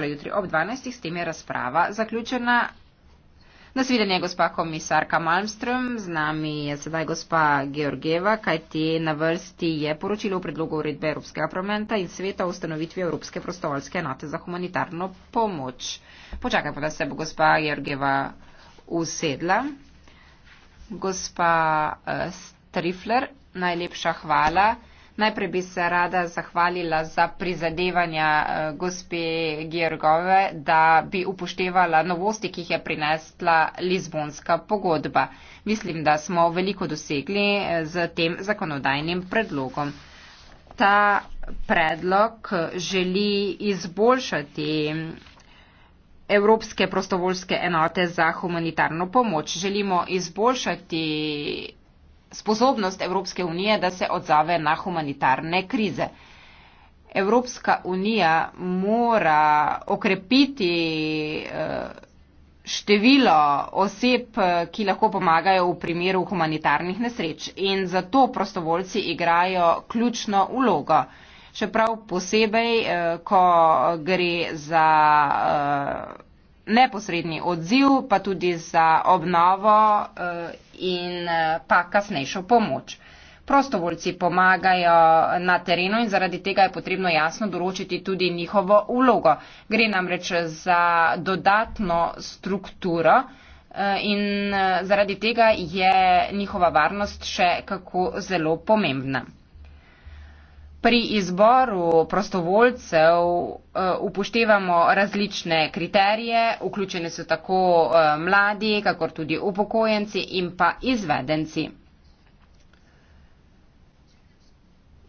jutri ob 12. S tem je razprava zaključena. Nasvidenje, gospa komisarka Malmström. Z nami je sedaj gospa Georgieva, kajti na vrsti je poročilo v predlogu uredbe Evropskega parlamenta in sveta o ustanovitvi Evropske prostovoljske enote za humanitarno pomoč. Počakajmo, da se bo gospa Georgieva usedla. Gospa eh, Strifler, najlepša hvala. Najprej bi se rada zahvalila za prizadevanja eh, gospe Gergove, da bi upoštevala novosti, ki jih je prinesla Lizbonska pogodba. Mislim, da smo veliko dosegli z eh, tem zakonodajnim predlogom. Ta predlog eh, želi izboljšati Evropske prostovoljske enote za humanitarno pomoč. Želimo izboljšati sposobnost Evropske unije, da se odzave na humanitarne krize. Evropska unija mora okrepiti eh, število oseb, ki lahko pomagajo v primeru humanitarnih nesreč in zato prostovoljci igrajo ključno vlogo. Čeprav posebej, eh, ko gre za eh, neposredni odziv, pa tudi za obnovo in eh, pa kasnejšo pomoč. Prostovoljci pomagajo na terenu in zaradi tega je potrebno jasno določiti tudi njihovo ulogo. Gre namreč za dodatno strukturo eh, in eh, zaradi tega je njihova varnost še kako zelo pomembna pri izboru prostovoljcev eh, upoštevamo različne kriterije, vključene so tako eh, mladi, kakor tudi upokojenci in pa izvedenci.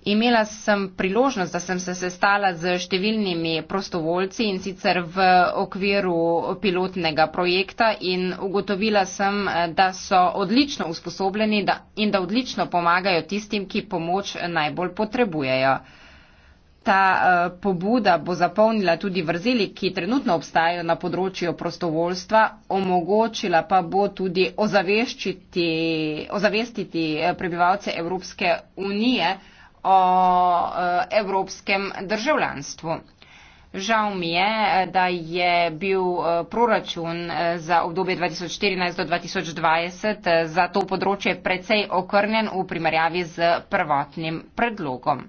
Imela sem priložnost, da sem se sestala z številnimi prostovoljci in sicer v okviru pilotnega projekta in ugotovila sem, da so odlično usposobljeni in da odlično pomagajo tistim, ki pomoč najbolj potrebujejo. Ta eh, pobuda bo zapolnila tudi vrzeli, ki trenutno obstajajo na področju prostovoljstva, omogočila pa bo tudi ozavestiti eh, prebivalce Evropske unije, o e, evropskem državljanstvu. Žal mi je, da je bil e, proračun e, za obdobje 2014 do 2020 za to področje precej okrnjen v primerjavi z prvotnim predlogom.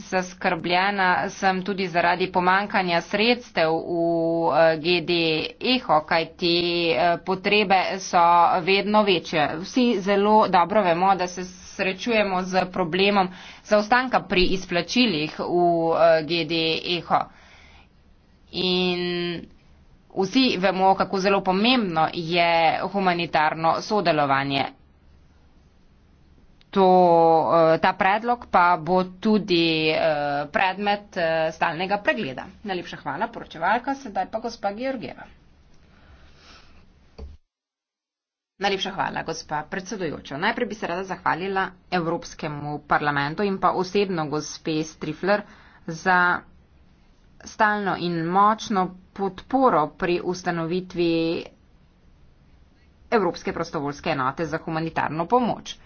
Zaskrbljena sem tudi zaradi pomankanja sredstev v GD EHO, kajti potrebe so vedno večje. Vsi zelo dobro vemo, da se srečujemo z problemom zaostanka pri izplačilih v eh, GD EHO. In vsi vemo, kako zelo pomembno je humanitarno sodelovanje. To, eh, ta predlog pa bo tudi eh, predmet stalnega pregleda. Najlepša hvala, poročevalka, sedaj pa gospa Georgieva. Najlepša hvala, gospa predsedujoča. Najprej bi se rada zahvalila Evropskemu parlamentu in pa osebno gospe Strifler za stalno in močno podporo pri ustanovitvi Evropske prostovoljske enote za humanitarno pomoč.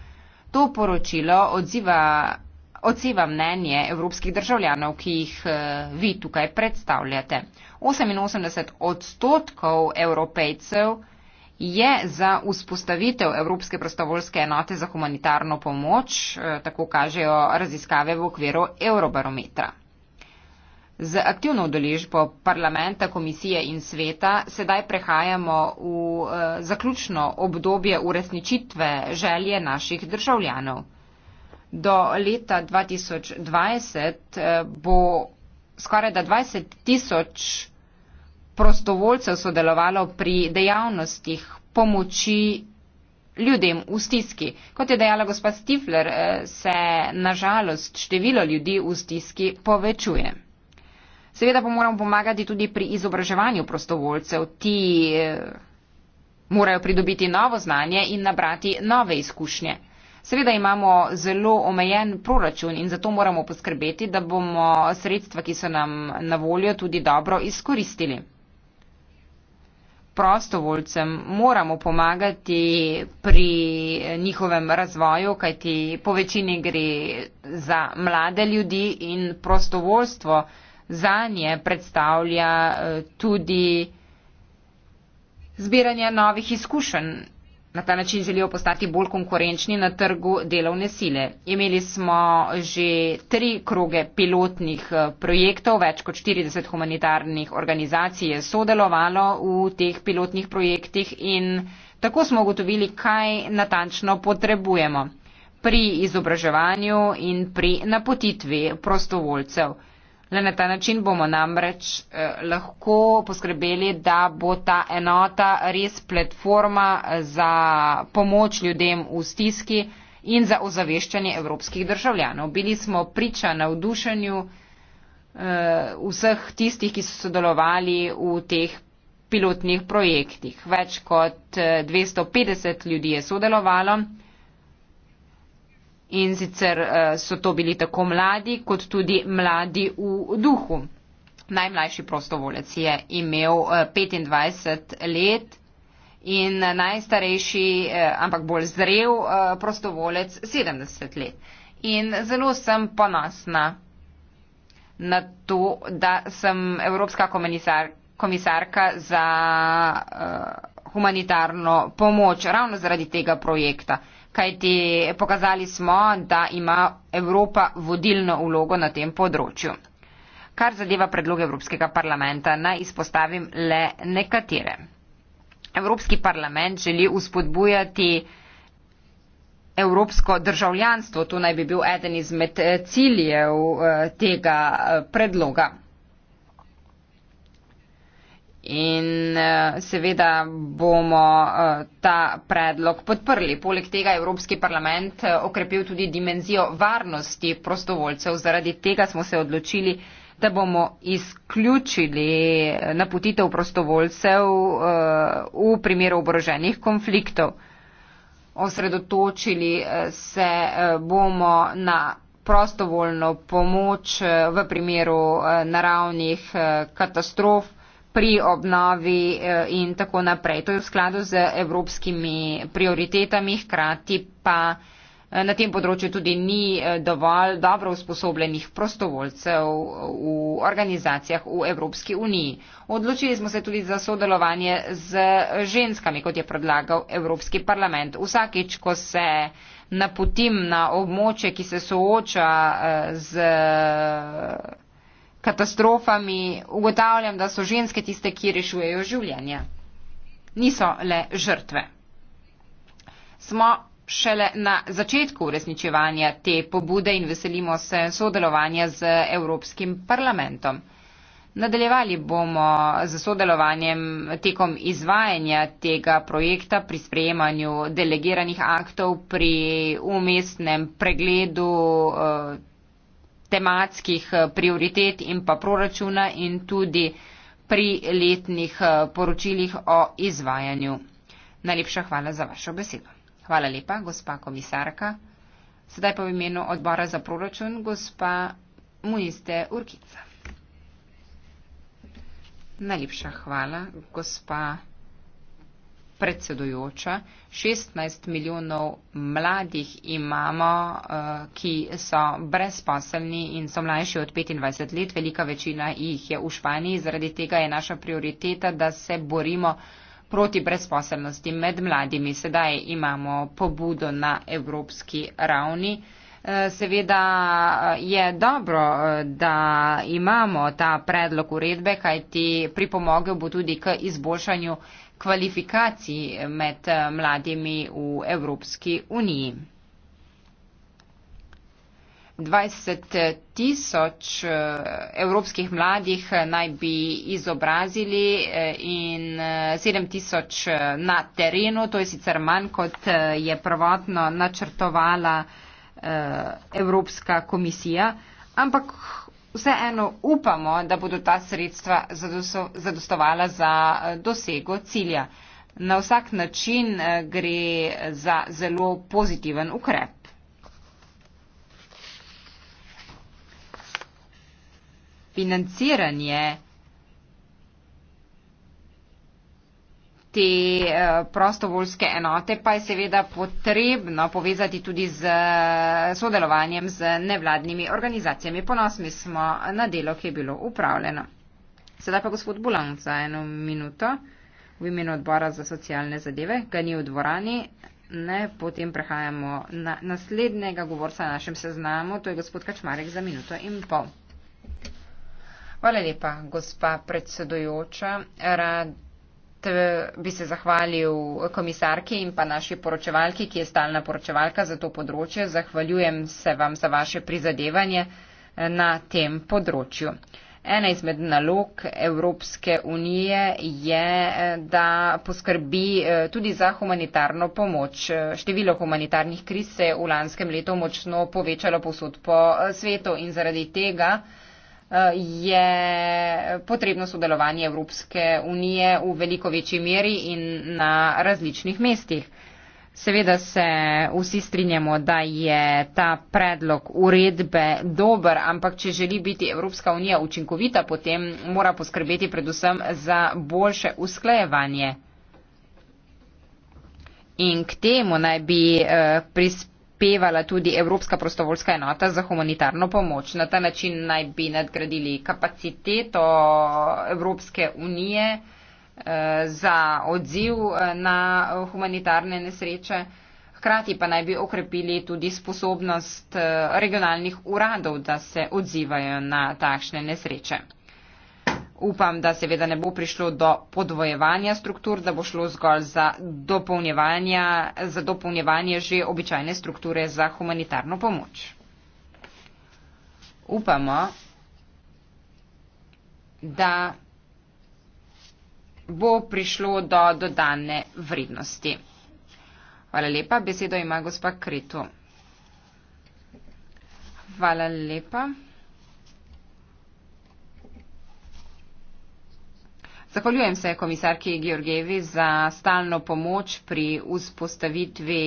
To poročilo odziva, odziva mnenje evropskih državljanov, ki jih eh, vi tukaj predstavljate. 88 odstotkov evropejcev je za vzpostavitev Evropske prostovoljske enote za humanitarno pomoč, eh, tako kažejo raziskave v okviru Eurobarometra. Z aktivno udeležbo parlamenta, komisije in sveta sedaj prehajamo v eh, zaključno obdobje uresničitve želje naših državljanov. Do leta 2020 eh, bo skoraj da 20 tisoč 000 prostovoljcev sodelovalo pri dejavnostih pomoči ljudem v stiski. Kot je dejala gospa Stifler, eh, se nažalost število ljudi v stiski povečuje. Seveda pa moramo pomagati tudi pri izobraževanju prostovoljcev. Ti eh, morajo pridobiti novo znanje in nabrati nove izkušnje. Seveda imamo zelo omejen proračun in zato moramo poskrbeti, da bomo sredstva, ki so nam na voljo, tudi dobro izkoristili prostovoljcem moramo pomagati pri njihovem razvoju, kajti po večini gre za mlade ljudi in prostovoljstvo za nje predstavlja eh, tudi zbiranje novih izkušenj Na ta način želijo postati bolj konkurenčni na trgu delovne sile. Imeli smo že tri kroge pilotnih eh, projektov, več kot 40 humanitarnih organizacij je sodelovalo v teh pilotnih projektih in tako smo ugotovili, kaj natančno potrebujemo pri izobraževanju in pri napotitvi prostovoljcev. Le na ta način bomo namreč eh, lahko poskrbeli, da bo ta enota res platforma eh, za pomoč ljudem v stiski in za ozaveščanje evropskih državljanov. Bili smo priča na vdušenju eh, vseh tistih, ki so sodelovali v teh pilotnih projektih. Več kot 250 ljudi je sodelovalo in sicer eh, so to bili tako mladi kot tudi mladi v duhu. Najmlajši prostovolec je imel 25 eh, let in najstarejši, eh, ampak bolj zrel prostovolec 70 let. In zelo sem ponosna na to, da sem Evropska komisar, komisarka za uh, humanitarno pomoč ravno zaradi tega projekta. Uh, kajti pokazali smo, da ima Evropa vodilno vlogo na tem področju. Kar zadeva predloge Evropskega parlamenta, naj izpostavim le nekatere. Evropski parlament želi uspodbujati evropsko državljanstvo, to naj bi bil eden izmed ciljev eh, tega eh, predloga. In eh, seveda bomo eh, ta predlog podprli. Poleg tega je Evropski parlament eh, okrepil tudi dimenzijo varnosti prostovoljcev. Zaradi tega smo se odločili, da bomo izključili napotitev prostovoljcev v primeru oboroženih konfliktov. Osredotočili se bomo na prostovoljno pomoč v primeru naravnih katastrof, pri obnovi eh, in tako naprej. To je v skladu z evropskimi prioritetami, hkrati pa eh, na tem področju tudi ni eh, dovolj dobro usposobljenih prostovoljcev v organizacijah v Evropski uniji. Odločili smo se tudi za sodelovanje z ženskami, kot je predlagal Evropski parlament. Vsakič, ko se napotim na območje, ki se sooča z katastrofami, ugotavljam, da so ženske tiste, ki rešujejo življenje. Niso le žrtve. Smo šele na začetku uresničevanja te pobude in veselimo se sodelovanja z Evropskim parlamentom. Nadaljevali bomo z sodelovanjem tekom izvajanja tega projekta pri sprejemanju delegiranih aktov, pri umestnem pregledu. Eh, tematskih eh, prioritet in pa proračuna in tudi pri letnih eh, poročilih o izvajanju. Najlepša hvala za vašo besedo. Hvala lepa, gospa komisarka. Sedaj pa v imenu odbora za proračun, gospa Muniste Urkica. Najlepša hvala, gospa predsedujoča, 16 milijonov mladih imamo, eh, ki so brezposelni in so mlajši od 25 let, velika večina jih je v Španiji, zaradi tega je naša prioriteta, da se borimo proti brezposelnosti med mladimi. Sedaj imamo pobudo na evropski ravni. Eh, seveda eh, je dobro, da imamo ta predlog uredbe, kajti pripomogel bo tudi k izboljšanju kvalifikacij med eh, mladimi v Evropski uniji. 20 eh, tisoč eh, evropskih mladih naj bi izobrazili in 7 tisoč na terenu, to je sicer manj, kot je prvotno načrtovala Evropska komisija, ampak Vseeno upamo, da bodo ta sredstva zadostovala za eh, dosego cilja. Na vsak način eh, gre za zelo pozitiven ukrep. Financiranje te eh, prostovoljske enote pa je seveda potrebno povezati tudi z eh, sodelovanjem z nevladnimi organizacijami. Ponosni smo na delo, ki je bilo upravljeno. Sedaj pa gospod Bulan za eno minuto v imenu odbora za socialne zadeve, ga ni v dvorani. Ne, potem prehajamo na naslednjega govorca na našem seznamu, to je gospod Kačmarek za minuto in pol. Hvala lepa, gospa predsedujoča. Rad Eh, bi se zahvalil komisarki in pa naši poročevalki, ki je stalna poročevalka za to področje. Zahvaljujem se vam za vaše prizadevanje eh, na tem področju. Ena izmed nalog Evropske unije je, eh, da poskrbi tudi za humanitarno pomoč. Število humanitarnih kriz se je v lanskem letu močno povečalo posod po svetu in zaradi tega je potrebno sodelovanje Evropske unije v veliko večji meri in na različnih mestih. Seveda se vsi strinjamo, da je ta predlog uredbe dober, ampak če želi biti Evropska unija učinkovita, potem mora poskrbeti predvsem za boljše usklajevanje. In k temu naj bi eh, prispeli prispevala tudi Evropska prostovoljska enota za humanitarno pomoč. Na ta način naj bi nadgradili kapaciteto Evropske unije eh, za odziv eh, na humanitarne nesreče. Hkrati pa naj bi okrepili tudi sposobnost eh, regionalnih uradov, da se odzivajo na takšne nesreče upam, da seveda ne bo prišlo do podvojevanja struktur, da bo šlo zgolj za dopolnjevanje, za dopolnjevanje že običajne strukture za humanitarno pomoč. Upamo, da bo prišlo do dodane vrednosti. Hvala lepa, besedo ima gospa Kretu. Hvala lepa. Zahvaljujem se komisarki Georgijevi za stalno pomoč pri vzpostavitvi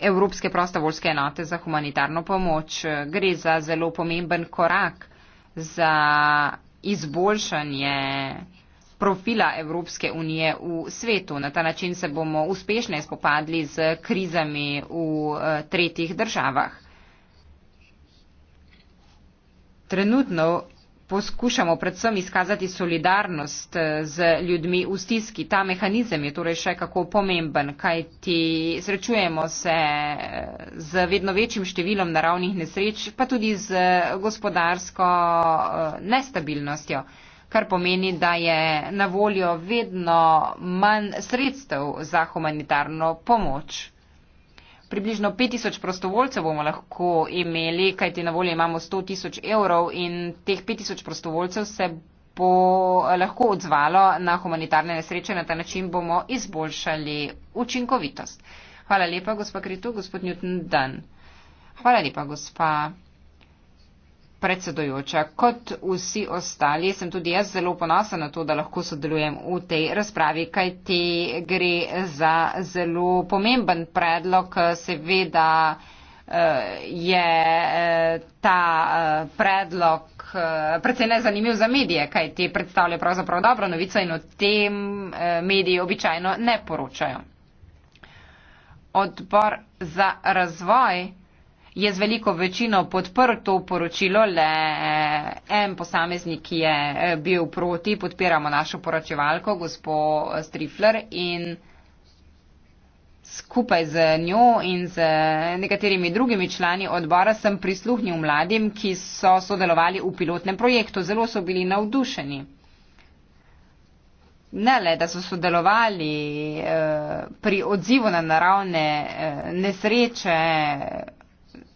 Evropske prostovoljske enote za humanitarno pomoč. Gre za zelo pomemben korak za izboljšanje profila Evropske unije v svetu. Na ta način se bomo uspešno spopadli z krizami v eh, tretjih državah. Trenutno poskušamo predvsem izkazati solidarnost eh, z ljudmi v stiski. Ta mehanizem je torej še kako pomemben, kajti srečujemo se eh, z vedno večjim številom naravnih nesreč, pa tudi z gospodarsko eh, nestabilnostjo, kar pomeni, da je na voljo vedno manj sredstev za humanitarno pomoč. Približno 5000 prostovoljcev bomo lahko imeli, kajti na voljo imamo 100 tisoč evrov in teh 5000 prostovoljcev se bo lahko odzvalo na humanitarne nesreče. Na ta način bomo izboljšali učinkovitost. Hvala lepa, gospa Krito, gospod Newton Dunn. Hvala lepa, gospa predsedojoča. Kot vsi ostali sem tudi jaz zelo ponosen na to, da lahko sodelujem v tej razpravi, kaj ti gre za zelo pomemben predlog. Seveda eh, je eh, ta eh, predlog predvsej nezanimiv za medije, kaj ti predstavlja pravzaprav dobro novico in o tem mediji običajno ne poročajo. Odbor za razvoj je z veliko večino podprl to poročilo, le eh, en posameznik je eh, bil proti, podpiramo našo poročevalko, gospo eh, Strifler in skupaj z njo in z nekaterimi drugimi člani odbora sem prisluhnil mladim, ki so sodelovali v pilotnem projektu. Zelo so bili navdušeni. Ne le, da so sodelovali eh, pri odzivu na naravne eh, nesreče, eh,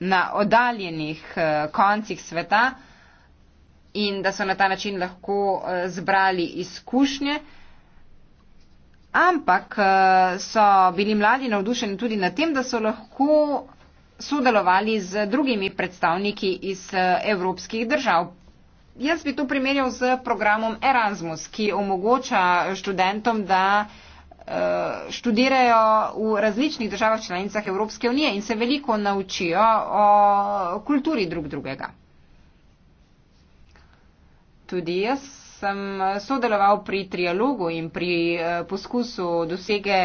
na oddaljenih eh, koncih sveta in da so na ta način lahko eh, zbrali izkušnje. Ampak eh, so bili mladi navdušeni tudi na tem, da so lahko sodelovali z drugimi predstavniki iz evropskih držav. Jaz bi to primerjal z programom Erasmus, ki omogoča študentom, da uh, Eh, študirajo v različnih državah članicah Evropske unije in se veliko naučijo o kulturi drug drugega. Tudi jaz sem sodeloval pri trialogu in pri eh, poskusu dosege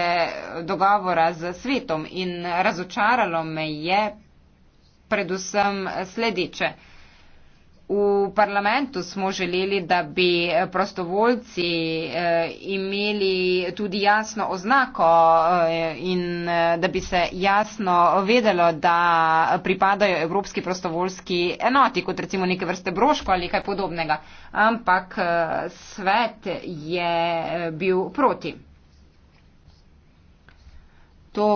dogovora z svetom in razočaralo me je predvsem sledeče. Uh, V parlamentu smo želeli, da bi prostovoljci eh, imeli tudi jasno oznako eh, in eh, da bi se jasno vedelo, da pripadajo Evropski prostovoljski enoti, kot recimo neke vrste broško ali kaj podobnega. Ampak svet je bil proti to,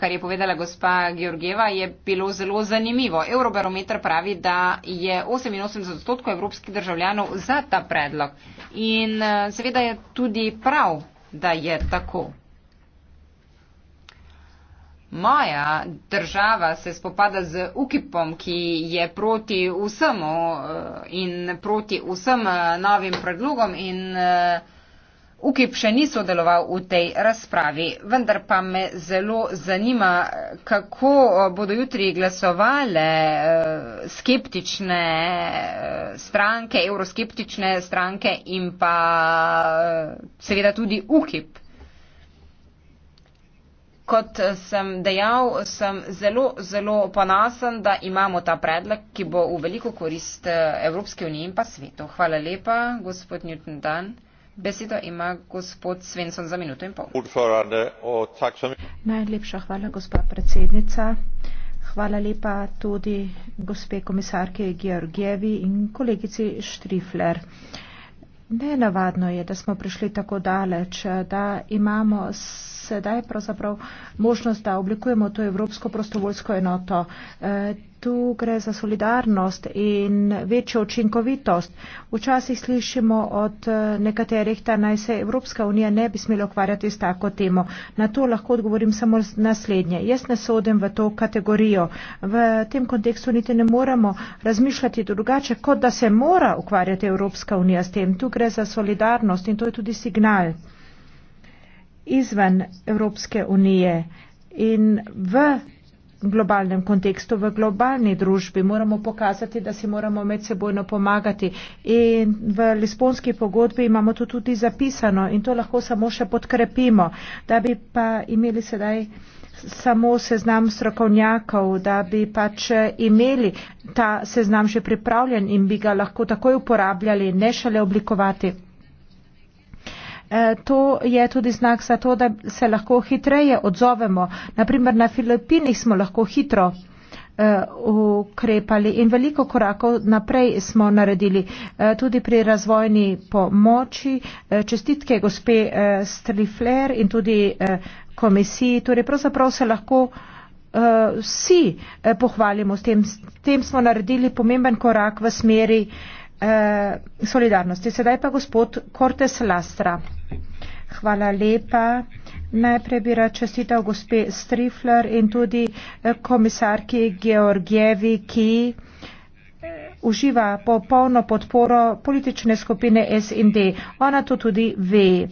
kar je povedala gospa Georgieva, je bilo zelo zanimivo. Eurobarometer pravi, da je 88 odstotkov evropskih državljanov za ta predlog. In e, seveda je tudi prav, da je tako. Moja država se spopada z UKIP-om, ki je proti vsemu e, in proti vsem e, novim predlogom in uh, UKIP še ni sodeloval v tej razpravi, vendar pa me zelo zanima, kako eh, bodo jutri glasovale eh, skeptične eh, stranke, euroskeptične stranke in pa seveda tudi UKIP. Kot sem dejal, sem zelo, zelo ponosen, da imamo ta predlog, ki bo v veliko korist Evropske unije in pa svetu. Hvala lepa, gospod Newton Dunn najlepša hvala gospa predsednica hvala lepa tudi gospe komisarki georgijevi in kolegici štrifler nenavadno je da smo prišli tako daleč da imamo sedaj pravzaprav možnost da oblikujemo to evropsko prostovoljsko enoto tu gre za solidarnost in večjo učinkovitost. Včasih slišimo od eh, nekaterih, da naj se Evropska unija ne bi smela ukvarjati s tako temo. Na to lahko odgovorim samo naslednje. Jaz ne sodim v to kategorijo. V tem kontekstu niti ne moramo razmišljati drugače, kot da se mora ukvarjati Evropska unija s tem. Tu gre za solidarnost in to je tudi signal izven Evropske unije in v globalnem kontekstu, v globalni družbi moramo pokazati, da si moramo medsebojno pomagati. In v Lisbonski pogodbi imamo to tudi zapisano in to lahko samo še podkrepimo, da bi pa imeli sedaj samo seznam strokovnjakov, da bi pač imeli ta seznam že pripravljen in bi ga lahko takoj uporabljali, ne šele oblikovati. Eh, to je tudi znak za to, da se lahko hitreje odzovemo. Naprimer, na Filipinih smo lahko hitro eh, ukrepali in veliko korakov naprej smo naredili eh, tudi pri razvojni pomoči. Čestitke gospe Strifler in tudi komisiji. Torej, pravzaprav se lahko vsi pohvalimo s tem. S tem smo naredili pomemben korak v smeri solidarnosti. Sedaj pa gospod Cortes Lastra. Hvala lepa. Najprej bi rad čestital gospe Strifler in tudi eh, komisarki Georgijevi, ki eh, uživa popolno podporo politične skupine SND. Ona to tudi ve.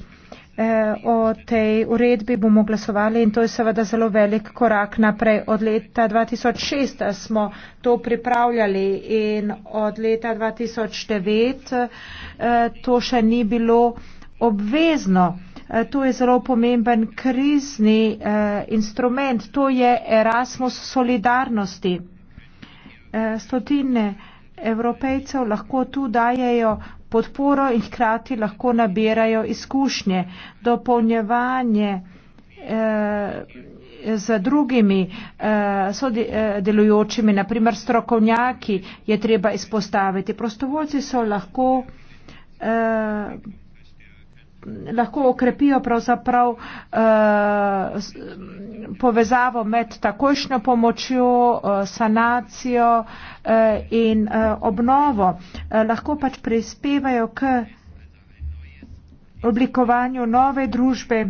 Eh, o tej uredbi bomo glasovali in to je seveda zelo velik korak naprej. Od leta 2006 smo to pripravljali in od leta 2009 to še ni bilo obvezno. E, to je zelo pomemben krizni e, instrument. To je Erasmus solidarnosti. E, stotine evropejcev lahko tu dajejo podporo in hkrati lahko nabirajo izkušnje. Dopolnjevanje z drugimi delujočimi, naprimer strokovnjaki, je treba izpostaviti. Prostovoljci so lahko lahko okrepijo pravzaprav eh, povezavo med takošnjo pomočjo, eh, sanacijo eh, in eh, obnovo. Eh, lahko pač prispevajo k oblikovanju nove družbe.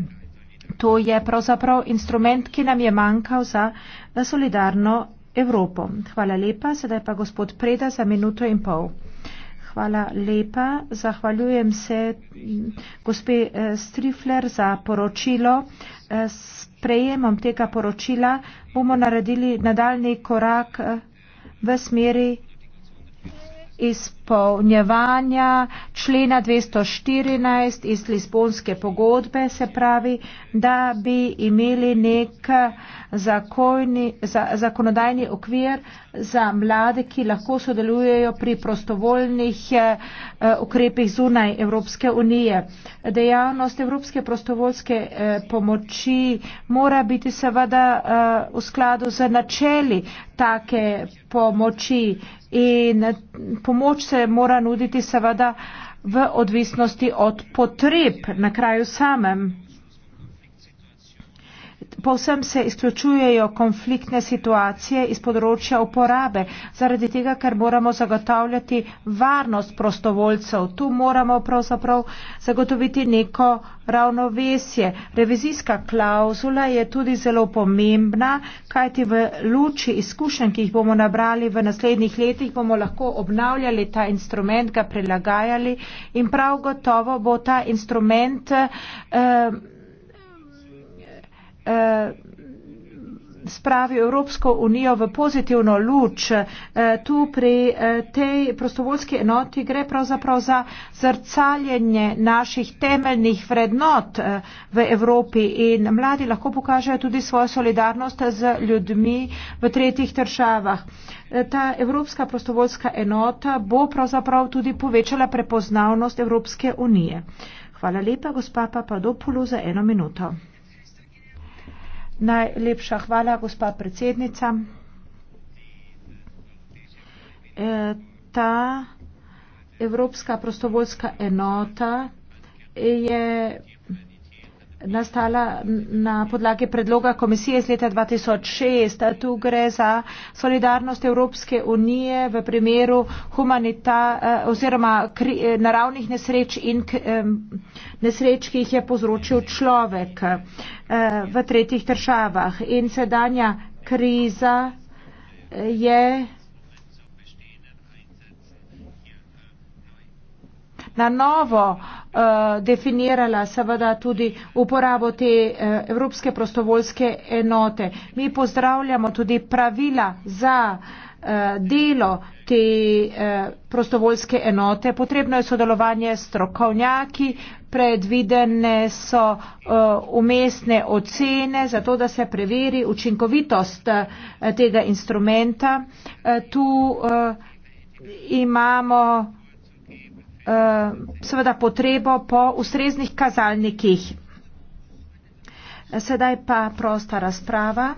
To je pravzaprav instrument, ki nam je manjkal za eh, solidarno Evropo. Hvala lepa. Sedaj pa gospod Preda za minuto in pol. Hvala lepa. Zahvaljujem se mm, gospe eh, Strifler za poročilo. Eh, s prejemom tega poročila bomo naredili nadaljni korak eh, v smeri izpolnjevanja člena 214 iz Lisbonske pogodbe, se pravi, da bi imeli nek zakojni, za, zakonodajni okvir za mlade, ki lahko sodelujejo pri prostovoljnih eh, eh, ukrepih zunaj Evropske unije. Dejavnost Evropske prostovoljske eh, pomoči mora biti seveda v skladu z načeli take pomoči in pomoč se mora nuditi seveda v odvisnosti od potreb na kraju samem povsem se izključujejo konfliktne situacije iz področja uporabe, zaradi tega, ker moramo zagotavljati varnost prostovoljcev. Tu moramo pravzaprav zagotoviti neko ravnovesje. Revizijska klauzula je tudi zelo pomembna, kajti v luči izkušenj, ki jih bomo nabrali v naslednjih letih, bomo lahko obnavljali ta instrument, ga prilagajali in prav gotovo bo ta instrument eh, Eh, spravi Evropsko unijo v pozitivno luč. Eh, tu pri eh, tej prostovoljski enoti gre pravzaprav za zrcaljenje naših temeljnih vrednot v Evropi in mladi lahko pokažejo tudi svojo solidarnost z ljudmi v tretjih državah. Ta Evropska prostovoljska enota bo pravzaprav tudi povečala prepoznavnost Evropske unije. Hvala lepa, gospa Papadopoulos, za eno minuto. Najlepša hvala, gospa predsednica. E, ta Evropska prostovoljska enota je nastala na podlagi predloga komisije iz leta 2006. Tu gre za solidarnost Evropske unije v primeru humanita eh, oziroma kri, eh, naravnih nesreč in nesreč, ki jih je povzročil človek eh, v tretjih državah. In sedanja kriza je na novo uh, definirala seveda tudi uporabo te uh, Evropske prostovoljske enote. Mi pozdravljamo tudi pravila za eh, delo te prostovoljske enote. Potrebno je sodelovanje s strokovnjaki, predvidene so umestne ocene, zato da se preveri učinkovitost tega instrumenta. Tu imamo Eh, seveda potrebo po ustreznih kazalnikih. Sedaj pa prosta razprava.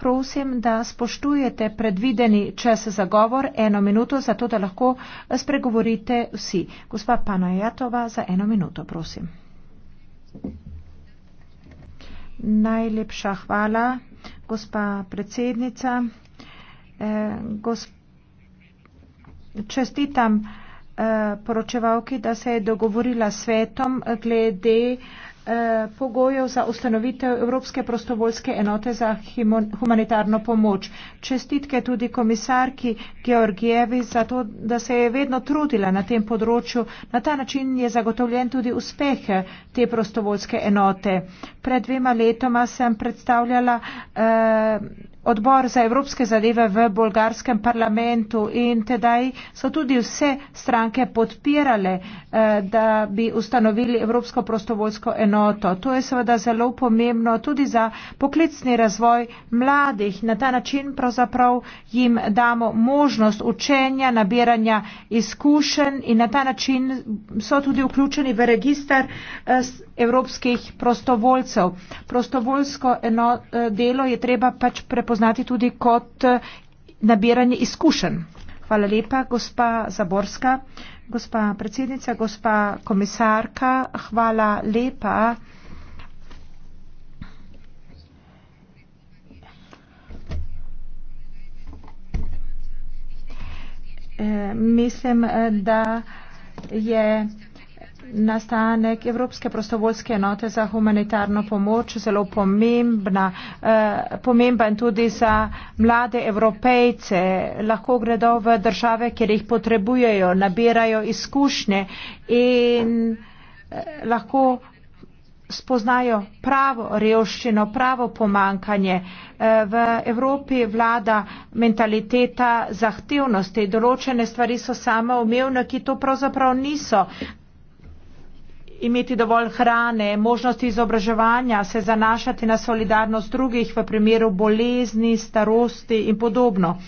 Prosim, da spoštujete predvideni čas za govor eno minuto, zato da lahko spregovorite vsi. Gospa Panajatova, za eno minuto, prosim. Najlepša hvala, gospa predsednica. Eh, gosp... Čestitam eh, Eh, poročevalki, da se je dogovorila s svetom glede eh, pogojev za ustanovitev Evropske prostovoljske enote za humanitarno pomoč. Čestitke tudi komisarki Georgijevi za to, da se je vedno trudila na tem področju. Na ta način je zagotovljen tudi uspeh eh, te prostovoljske enote. Pred dvema letoma sem predstavljala eh, odbor za evropske zadeve v bolgarskem parlamentu in tedaj so tudi vse stranke podpirale, eh, da bi ustanovili Evropsko prostovoljsko enoto. To je seveda zelo pomembno tudi za poklicni razvoj mladih. Na ta način pravzaprav jim damo možnost učenja, nabiranja izkušenj in na ta način so tudi vključeni v registar eh, evropskih prostovoljcev. Prostovoljsko eh, delo je treba pač prepoznati prepoznati tudi kot eh, nabiranje izkušenj. Hvala lepa, gospa Zaborska, gospa predsednica, gospa komisarka. Hvala lepa. E, mislim, eh, da je nastanek Evropske prostovoljske enote za humanitarno pomoč zelo pomembna, eh, pomemben tudi za mlade evropejce. Lahko gredo v države, kjer jih potrebujejo, nabirajo izkušnje in eh, lahko spoznajo pravo revščino, pravo pomankanje. Eh, v Evropi vlada mentaliteta zahtevnosti. Določene stvari so samo umevne, ki to pravzaprav niso imeti dovolj hrane, možnosti izobraževanja, se zanašati na solidarnost drugih v primeru bolezni, starosti in podobno.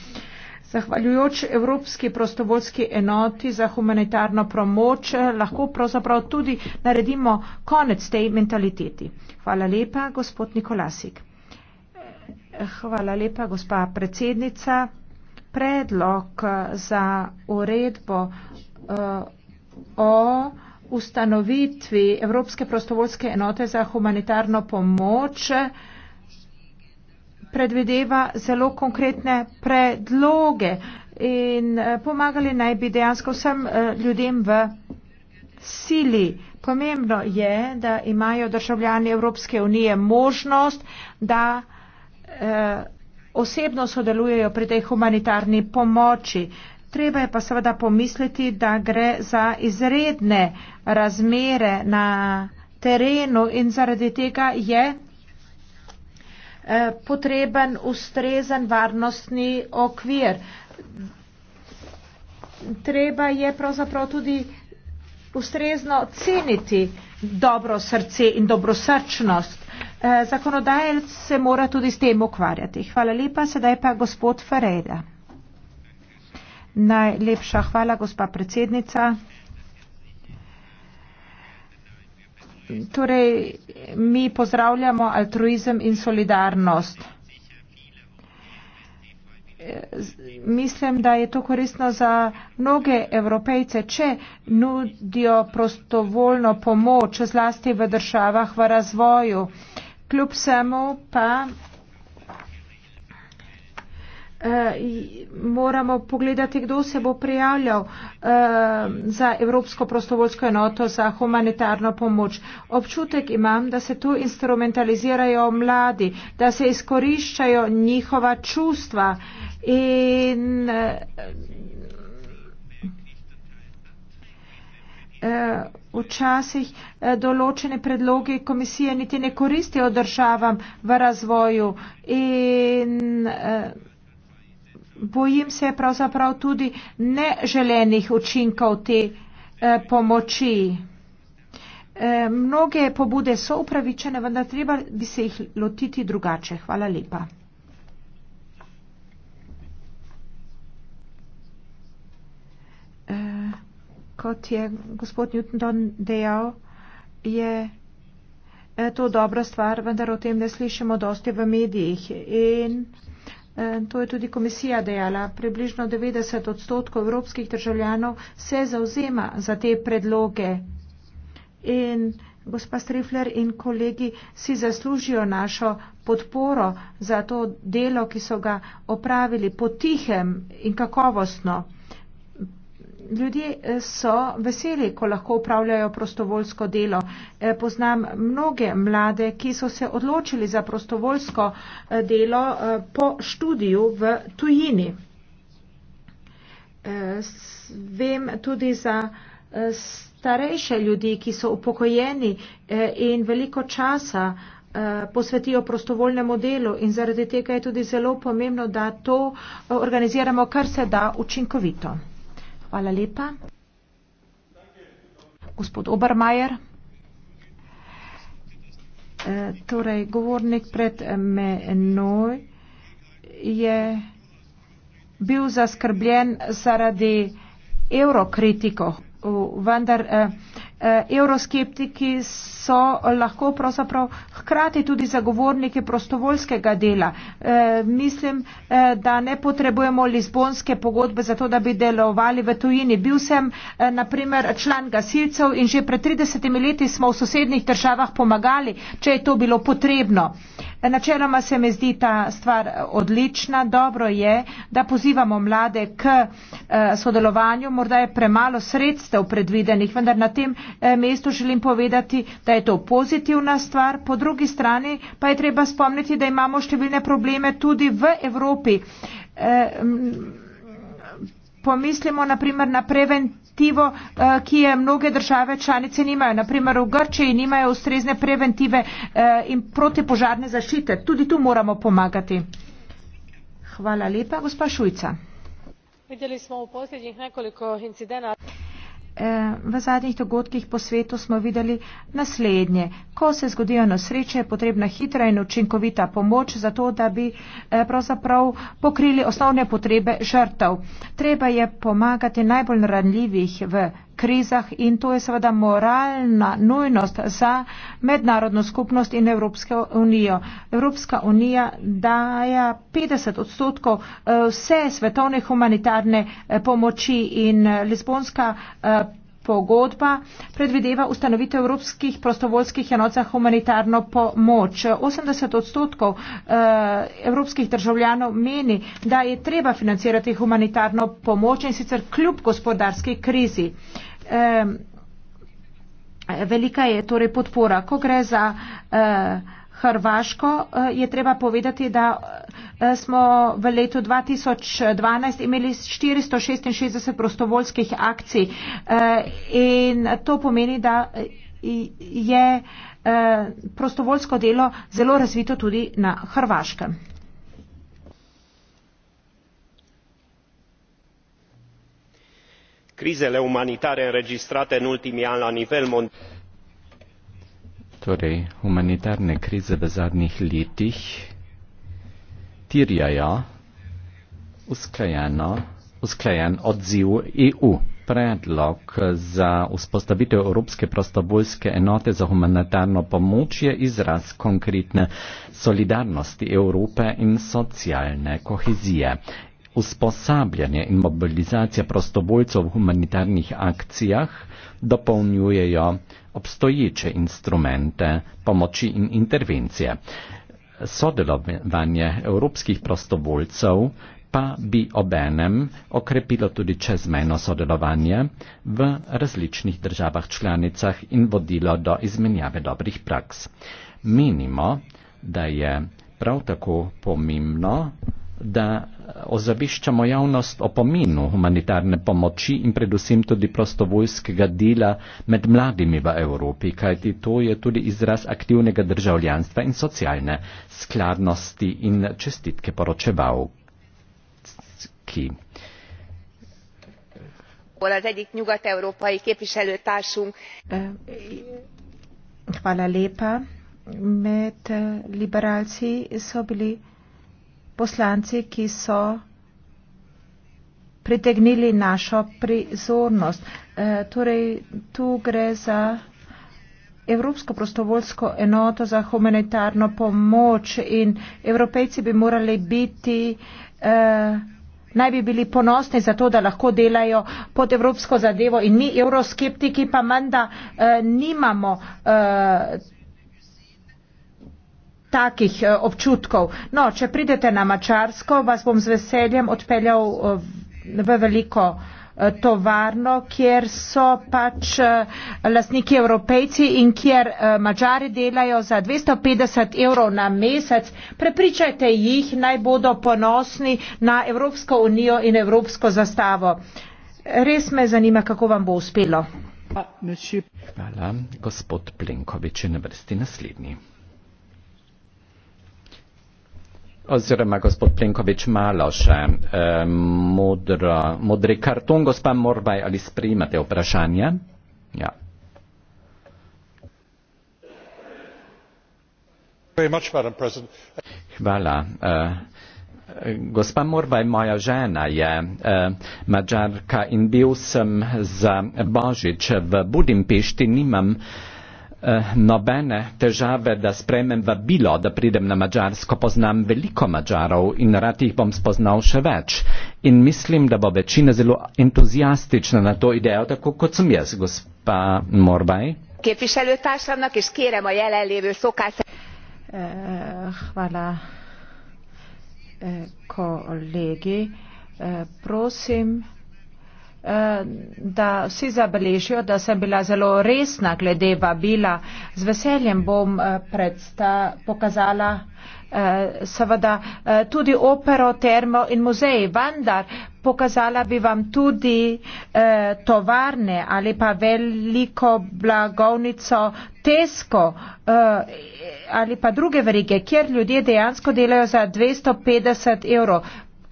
Zahvaljujoč Evropski prostovoljski enoti za humanitarno promoč lahko pravzaprav tudi naredimo konec tej mentaliteti. Hvala lepa, gospod Nikolasik. Hvala lepa, gospa predsednica. Predlog za uredbo uh, o ustanovitvi Evropske prostovoljske enote za humanitarno pomoč predvideva zelo konkretne predloge in eh, pomagali naj bi dejansko vsem eh, ljudem v sili. Pomembno je, da imajo državljani Evropske unije možnost, da eh, osebno sodelujejo pri tej humanitarni pomoči. Treba je pa seveda pomisliti, da gre za izredne razmere na terenu in zaradi tega je eh, potreben ustrezen varnostni okvir. Treba je pravzaprav tudi ustrezno ceniti dobro srce in dobrosrčnost. Eh, zakonodajalec se mora tudi s tem ukvarjati. Hvala lepa, sedaj pa gospod Ferreira. Najlepša hvala, gospa predsednica. Torej, mi pozdravljamo altruizem in solidarnost. Mislim, da je to koristno za mnoge evropejce, če nudijo prostovoljno pomoč zlasti v državah v razvoju. Kljub vsemu pa Eh, moramo pogledati, kdo se bo prijavljal eh, za Evropsko prostovoljsko enoto za humanitarno pomoč. Občutek imam, da se tu instrumentalizirajo mladi, da se izkoriščajo njihova čustva in eh, včasih določene predloge komisije niti ne koristijo državam v razvoju in uh, bojim se pravzaprav tudi neželenih učinkov te eh, pomoči. Eh, mnoge pobude so upravičene, vendar treba bi se jih lotiti drugače. Hvala lepa. Eh, kot je gospod Newton dejal, je eh, to dobra stvar, vendar o tem ne slišimo dosti v medijih. In Eh, to je tudi komisija dejala. Približno 90 odstotkov evropskih državljanov se zauzema za te predloge. In gospa Strifler in kolegi si zaslužijo našo podporo za to delo, ki so ga opravili potihem in kakovostno ljudje eh, so veseli, ko lahko upravljajo prostovoljsko delo. Eh, poznam mnoge mlade, ki so se odločili za prostovoljsko eh, delo po študiju v tujini. Vem tudi za starejše ljudi, ki so upokojeni in veliko časa posvetijo prostovoljnemu delu in zaradi tega je tudi zelo pomembno, da to organiziramo kar se da učinkovito. Hvala lepa. Gospod Obermajer. E, torej, govornik pred menoj je bil zaskrbljen zaradi evrokritikov vendar euroskeptiki eh, eh, so lahko pravzaprav hkrati tudi zagovorniki prostovoljskega dela. Eh, mislim, da ne potrebujemo lizbonske pogodbe za to, da bi delovali v tujini. Bil sem naprimer član gasilcev in že pred 30 leti smo v sosednjih državah pomagali, če je to bilo potrebno. Načeloma se mi zdi ta stvar odlična. Dobro je, da pozivamo mlade k eh, sodelovanju. Morda je premalo sredstev predvidenih, vendar na tem eh, mestu želim povedati, da je to pozitivna stvar. Po drugi strani pa je treba spomniti, da imamo številne probleme tudi v Evropi. Eh, pomislimo naprimer na preventivno preventivo, eh, ki je mnoge države članice nimajo. Naprimer v Grčiji nimajo ustrezne preventive eh, in protipožarne zaščite. Tudi tu moramo pomagati. Hvala lepa, gospa Šujca. Videli smo v posljednjih nekoliko incidentov. Eh, v zadnjih dogodkih po svetu smo videli naslednje. Ko se zgodijo nasreče, je potrebna hitra in učinkovita pomoč za to, da bi eh, pravzaprav pokrili osnovne potrebe žrtev. Treba je pomagati najbolj ranljivih v krizah in to je seveda moralna nujnost za mednarodno skupnost in Evropsko unijo. Evropska unija daja 50 odstotkov eh, vse svetovne humanitarne eh, pomoči in eh, Lisbonska pogodba predvideva ustanovitev evropskih prostovoljskih enot za humanitarno pomoč. 80 odstotkov evropskih državljanov meni, da je treba financirati humanitarno pomoč in sicer kljub gospodarski krizi velika je torej podpora. Ko gre za eh, Hrvaško, eh, je treba povedati, da eh, smo v letu 2012 imeli 466 prostovoljskih akcij in to pomeni, da je prostovoljsko delo zelo razvito tudi na Hrvaškem. crizele umanitare înregistrate în ultimii ani la nivel mondial. Tyriaja, usklejena, usklejen odziv EU, predlog za vzpostavitev Evropske prostovoljske enote za humanitarno pomoč je izraz konkretne solidarnosti Evrope in socialne kohezije usposabljanje in mobilizacija prostovoljcev v humanitarnih akcijah dopolnjujejo obstoječe instrumente pomoči in intervencije. Sodelovanje evropskih prostovoljcev pa bi obenem okrepilo tudi čezmejno sodelovanje v različnih državah članicah in vodilo do izmenjave dobrih praks. Menimo, da je prav tako pomembno, da ozaviščamo javnost o pomenu humanitarne pomoči in predvsem tudi prostovoljskega dela med mladimi v Evropi, kajti to je tudi izraz aktivnega državljanstva in socialne skladnosti in čestitke poročeval. Hvala lepa. Med eh, liberalci so bili poslanci, ki so pritegnili našo prizornost. E, torej, tu gre za Evropsko prostovoljsko enoto za humanitarno pomoč in evropejci bi morali biti. E, naj bi bili ponosni za to, da lahko delajo pod evropsko zadevo in mi, evroskeptiki, pa manda eh, nimamo eh, takih eh, občutkov. No, če pridete na Mačarsko, vas bom z veseljem odpeljal eh, v veliko eh, tovarno, kjer so pač lastniki evropejci in kjer mačari delajo za 250 evrov na mesec. Prepričajte jih, naj bodo ponosni na Evropsko unijo in Evropsko zastavo. Res me zanima, kako vam bo uspelo. Hvala, gospod Plenković je na vrsti naslednji. oziroma gospod Plenković malo še eh, modro, modri karton, gospa Morbaj, ali sprejmate vprašanje? Ja. Hvala. Gospa Morbaj, moja žena je mađarka in bil sem za Božič v Budimpešti, nimam Eh, nobene težave da sprejmem vabilo da pridem na madžarsko poznam veliko mađarov in rad jih bom spoznal še več in mislim da bo večina zelo entuzijastična na to idejo tako kot sem jaz gospa morbaj képviselőtársamnak, és kérem a jelenlévő szokás... Eh, hvala eh, kolegi. Prosim, Eh, da vsi zabeležijo, da sem bila zelo resna glede vabila. Z veseljem bom eh, predsta pokazala eh, seveda tudi opero, termo in muzeji, vendar pokazala bi vam tudi tovarne ali pa veliko blagovnico Tesco ali pa druge verige, kjer ljudje dejansko delajo za 250 evrov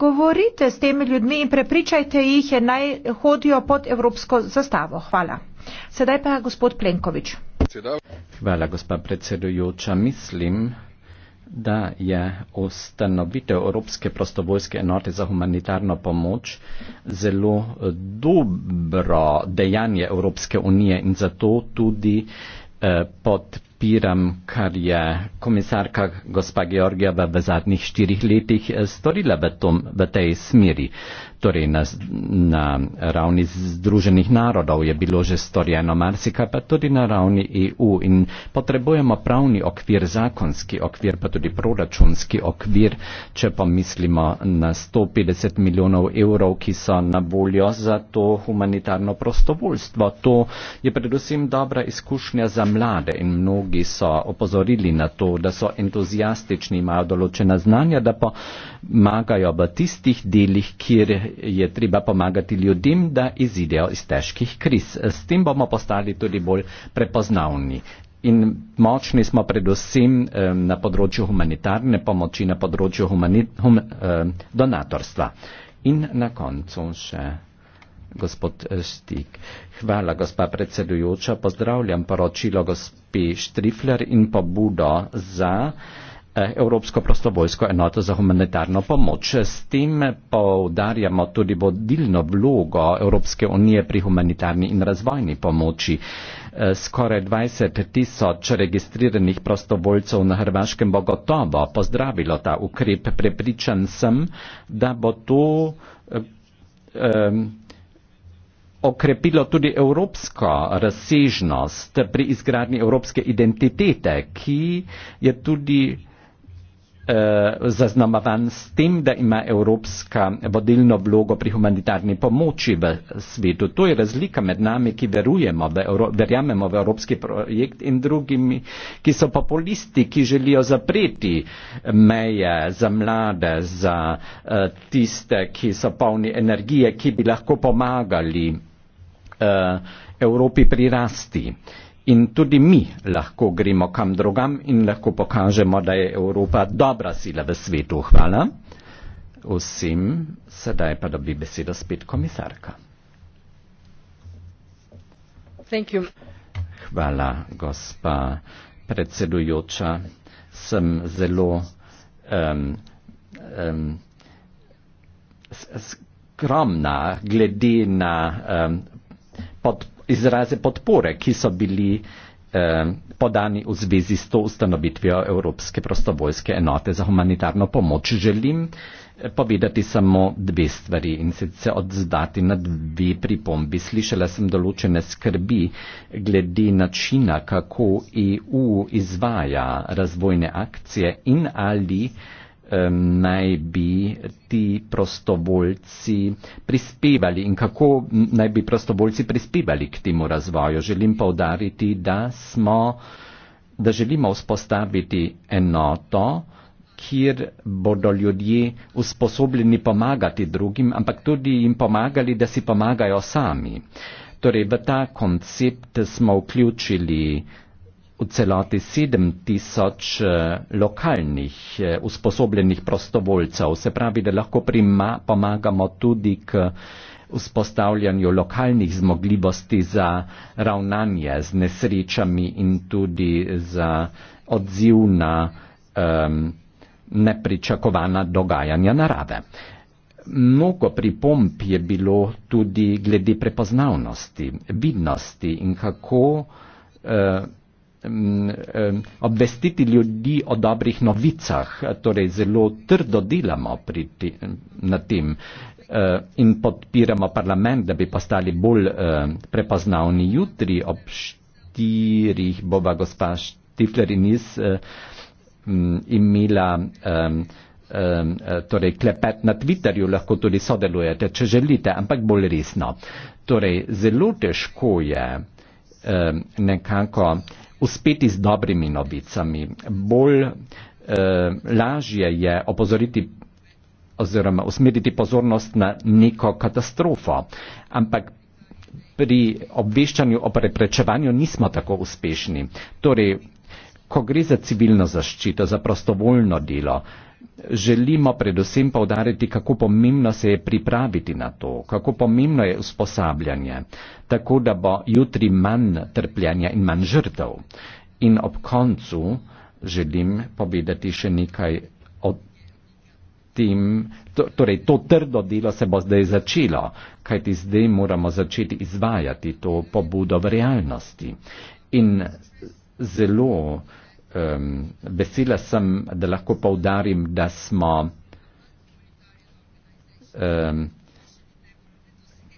govorite s temi ljudmi in prepričajte jih, da naj hodijo pod evropsko zastavo. Hvala. Sedaj pa gospod Plenkovič. Hvala, gospa predsedujoča. Mislim, da je ustanovitev Evropske prostovoljske enote za humanitarno pomoč zelo eh, dobro dejanje Evropske unije in zato tudi eh, podpiramo podpiram, kar je komisarka gospa Georgijeva v zadnjih štirih letih eh, storila v, tom, v tej smeri torej na, na ravni Združenih narodov je bilo že storjeno marsikaj, pa tudi na ravni EU in potrebujemo pravni okvir, zakonski okvir, pa tudi proračunski okvir, če pa mislimo na 150 milijonov evrov, ki so na voljo za to humanitarno prostovoljstvo. To je predvsem dobra izkušnja za mlade in mnogi so opozorili na to, da so entuzijastični, imajo določena znanja, da pomagajo v tistih delih, kjer je treba pomagati ljudem, da izidejo iz težkih kriz. S tem bomo postali tudi bolj prepoznavni. In močni smo predvsem eh, na področju humanitarne pomoči, na področju humani, hum, eh, donatorstva. In na koncu še gospod eh, Štik. Hvala, gospa predsedujoča. Pozdravljam poročilo gospe Štrifler in pobudo za. Eh, Eh, evropsko prostovoljsko enoto za humanitarno pomoč. S tem poudarjamo tudi vodilno vlogo Evropske unije pri humanitarni in razvojni pomoči. Eh, skoraj 20 tisoč registriranih prostovoljcev na Hrvaškem bo gotovo pozdravilo ta ukrep. Prepričan sem, da bo to eh, okrepilo tudi evropsko razsežnost pri izgradnji evropske identitete, ki je tudi Eh, zaznamovan s tem, da ima Evropska vodilno vlogo pri humanitarni pomoči v svetu. To je razlika med nami, ki verujemo, da verjamemo v Evropski projekt in drugimi, ki so populisti, ki želijo zapreti meje za mlade, za eh, tiste, ki so polni energije, ki bi lahko pomagali eh, Evropi prirasti. rasti. In tudi mi lahko gremo kam drugam in lahko pokažemo, da je Evropa dobra sila v svetu. Hvala vsem. Sedaj pa dobi besedo spet komisarka. Hvala, gospa predsedujoča. Sem zelo um, um, skromna glede na um, podporo izraze podpore, ki so bili eh, podani v zvezi s to ustanovitvijo Evropske prostovoljske enote za humanitarno pomoč. Želim eh, povedati samo dve stvari in sicer odzdati na dve pripombi. Slišala sem določene skrbi glede načina, kako EU izvaja razvojne akcije in ali naj bi ti prostovoljci prispevali in kako naj bi prostovoljci prispevali k temu razvoju. Želim povdariti, da, smo, da želimo vzpostaviti enoto, kjer bodo ljudje usposobljeni pomagati drugim, ampak tudi jim pomagali, da si pomagajo sami. Torej, v ta koncept smo vključili v celoti 7000 eh, lokalnih eh, usposobljenih prostovoljcev. Se pravi, da lahko prima, pomagamo tudi k vzpostavljanju lokalnih zmogljivosti za ravnanje z nesrečami in tudi za odziv na um, nepričakovana dogajanja narave. Mnogo pripomp je bilo tudi glede prepoznavnosti, vidnosti in kako uh, obvestiti ljudi o dobrih novicah, torej zelo trdo delamo pri, na tem eh, in podpiramo parlament, da bi postali bolj eh, prepoznavni. Jutri ob štirih bova gospa Štifler in jaz eh, imela torej klepet na Twitterju, lahko tudi sodelujete, če želite, ampak bolj resno. Torej, zelo težko je nekako uspeti z dobrimi novicami. Bolj eh, lažje je opozoriti oziroma usmeriti pozornost na neko katastrofo, ampak pri obveščanju o preprečevanju nismo tako uspešni. Torej, ko gre za civilno zaščito, za prostovoljno delo, eh, želimo predvsem povdariti, kako pomembno se je pripraviti na to, kako pomembno je usposabljanje, tako da bo jutri manj trpljenja in manj žrtev. In ob koncu želim povedati še nekaj o tem, to, torej to trdo delo se bo zdaj začelo, kajti zdaj moramo začeti izvajati to pobudo v realnosti. In zelo um, vesela sem, da lahko povdarim, da smo um,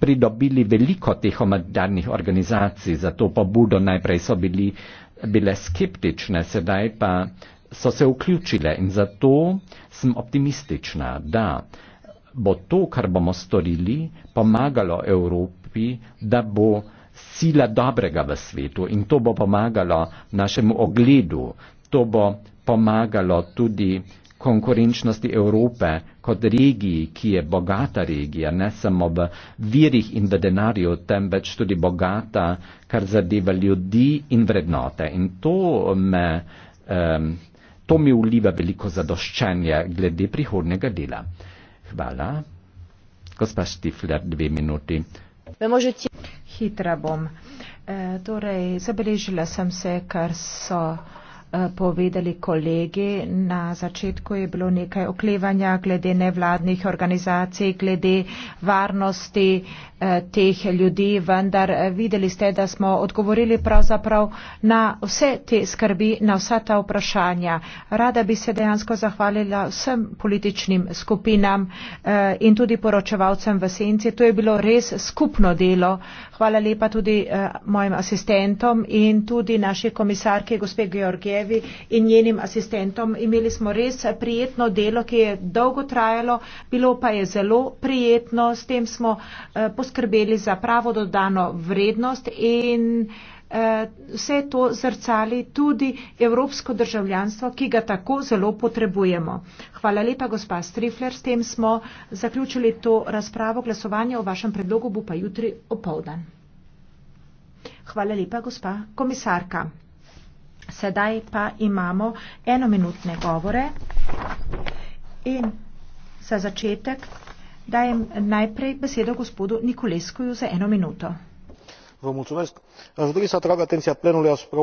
pridobili veliko teh omadarnih organizacij za to pobudo. Najprej so bili, bile skeptične, sedaj pa so se vključile in zato sem optimistična, da bo to, kar bomo storili, pomagalo Evropi, da bo sila dobrega v svetu in to bo pomagalo našemu ogledu, to bo pomagalo tudi konkurenčnosti Evrope kot regiji, ki je bogata regija, ne samo v virih in v denarju, temveč tudi bogata, kar zadeva ljudi in vrednote. In to, me, um, to mi vliva veliko zadoščanje glede prihodnega dela. Hvala. Gospa Štifler, dve minuti hitra bom. Eh, torej, zabeležila sem se, kar so. Eh, povedali kolegi. Na začetku je bilo nekaj oklevanja glede nevladnih organizacij, glede varnosti eh, teh ljudi, vendar eh, videli ste, da smo odgovorili pravzaprav na vse te skrbi, na vsa ta vprašanja. Rada bi se dejansko zahvalila vsem političnim skupinam in tudi poročevalcem v senci. To je bilo res skupno delo. Hvala lepa tudi mojim asistentom in tudi naši komisarki, gospe Georgije, Evi in njenim asistentom. Imeli smo res prijetno delo, ki je dolgo trajalo, bilo pa je zelo prijetno, s tem smo eh, poskrbeli za pravo dodano vrednost in eh, vse to zrcali tudi evropsko državljanstvo, ki ga tako zelo potrebujemo. Hvala lepa, gospa Strifler, s tem smo zaključili to razpravo. Glasovanje o vašem predlogu bo pa jutri opovdan. Hvala lepa, gospa komisarka. Sedaj pa imamo enominutne govore in za začetek dajem najprej besedo gospodu Nikoleskoju za eno minuto. Vă mulțumesc. Aș dori să atrag atenția plenului asupra